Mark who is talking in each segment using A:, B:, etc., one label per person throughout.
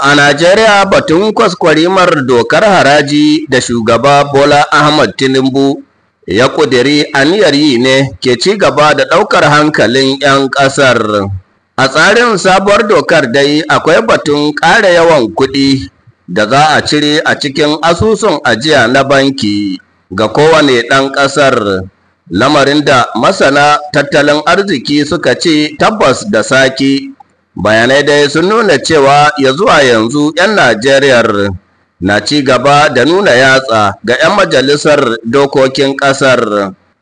A: A Najeriya batun kwaskwarimar dokar haraji da shugaba Bola Ahmad Tinubu ya ƙudiri aniyar yi ne ke ci gaba da ɗaukar hankalin 'yan ƙasar. A tsarin sabuwar dokar dai akwai batun ƙara yawan kuɗi da za a cire a cikin asusun ajiya na banki ga kowane ɗan ƙasar. Lamarin da masana tattalin arziki suka ce tabbas da sake bayanai dai sun nuna cewa ya zuwa yanzu 'yan najeriyar na ci gaba da nuna yatsa ga 'yan majalisar dokokin ƙasar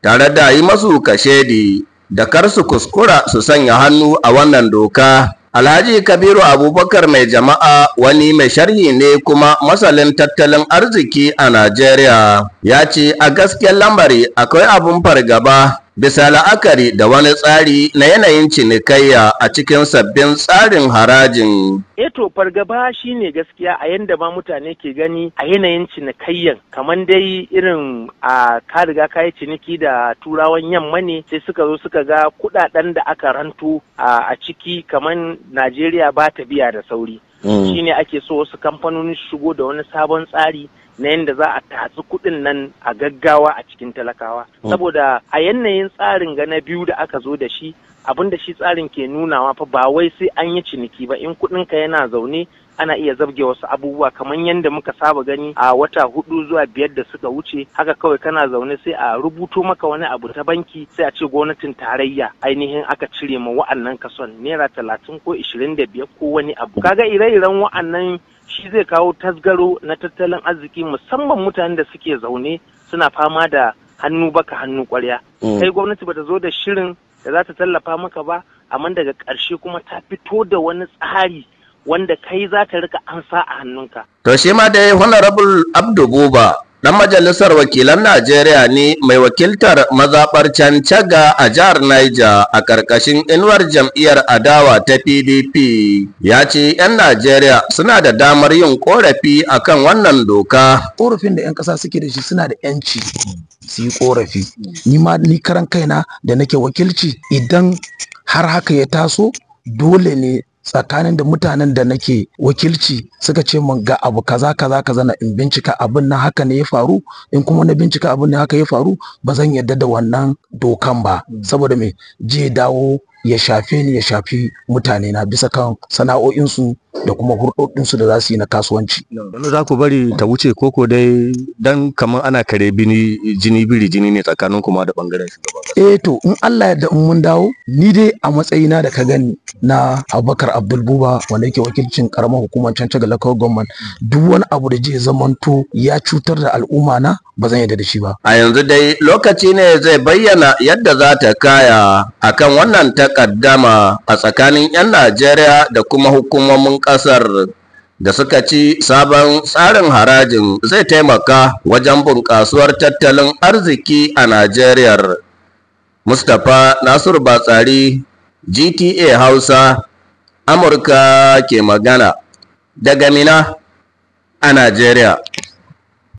A: tare da yi masu kashedi da kar su kuskura su sanya hannu a wannan doka alhaji kabiru abubakar mai jama'a wani mai sharhi ne kuma masalin tattalin arziki a najeriya ya ce a gaskiyar lambari akwai abun fargaba bisa la'akari da wani tsari na yanayin cinikayya a cikin sabbin tsarin harajin
B: eto eh fargaba shi ne gaskiya a yanda ma mutane ke gani a yanayin cinikayyan kamar dai irin a ka riga ka yi ciniki da turawan yamma ne sai suka zo suka ga kudaden da aka ranto a ciki kamar najeriya ba ta biya da sauri mm. Shi ne ake so wasu kamfanoni shigo da wani sabon tsari na yadda za a tatsi kuɗin nan a gaggawa a cikin talakawa mm. saboda a yanayin tsarin gana biyu da aka zo da shi abin da shi tsarin ke nunawa fa ba wai sai an yi ciniki ba in kudinka yana zaune ana iya zabge wasu abubuwa kamar yadda muka saba gani a wata hudu zuwa biyar da suka wuce haka kawai kana zaune sai a rubuto maka wani abu ta banki sai a ce gwamnatin tarayya ainihin aka cire ma wa'annan kason naira talatin ko ishirin da biyar ko wani abu kaga ire-iren wa'annan shi zai kawo tasgaro na tattalin arziki musamman mutanen da suke zaune suna fama da hannu baka hannu kwarya mm. kai gwamnati bata zo da shirin da za ta tallafa maka ba amma daga ƙarshe kuma ta fito da wani tsari wanda kai za ta rika ansa a hannunka.
A: To shi ma dai Honorable Abdu Goba Ɗan majalisar wakilan Najeriya ne mai wakiltar mazaɓar Cancaga a jihar Niger a ƙarƙashin inuwar jam'iyyar adawa ta PDP. Ya ce 'yan Najeriya suna da damar yin ƙorafi a kan wannan doka.
C: Ƙorafin da 'yan ƙasa suke da shi suna da 'yanci su yi ƙorafi. Ni ma ni karan kaina da nake wakilci idan har haka ya taso dole ne tsakanin da mutanen da nake wakilci suka ce min ga abu kaza kaza kaza na in bincika abin na haka ne ya faru in kuma na bincika abin na haka ya faru ba zan yarda da wannan dokan ba saboda me je dawo ya shafe ni ya shafi mutane na bisa kan sana'o'insu da kuma su da za su yi na kasuwanci.
A: Wani za ku bari ta wuce koko dai dan kamar ana kare bini jini biri jini ne tsakanin kuma da bangaren shugaban.
C: Eh to in Allah ya in mun dawo ni dai a matsayina da ka gani na Abubakar Abdul Buba wanda yake wakilcin karamar hukumar can Cagala Gwamman duk wani abu da zai zamanto ya cutar da al'umma na ba zan yi da shi ba.
A: A yanzu dai lokaci ne zai bayyana yadda za ta kaya akan wannan takaddama a tsakanin 'yan Najeriya da kuma hukumomin Kasar da suka ci sabon tsarin harajin zai taimaka wajen bunƙasuwar tattalin arziki a Najeriya. Mustapha Nasiru Batsari, GTA Hausa, Amurka ke magana daga Mina a Najeriya.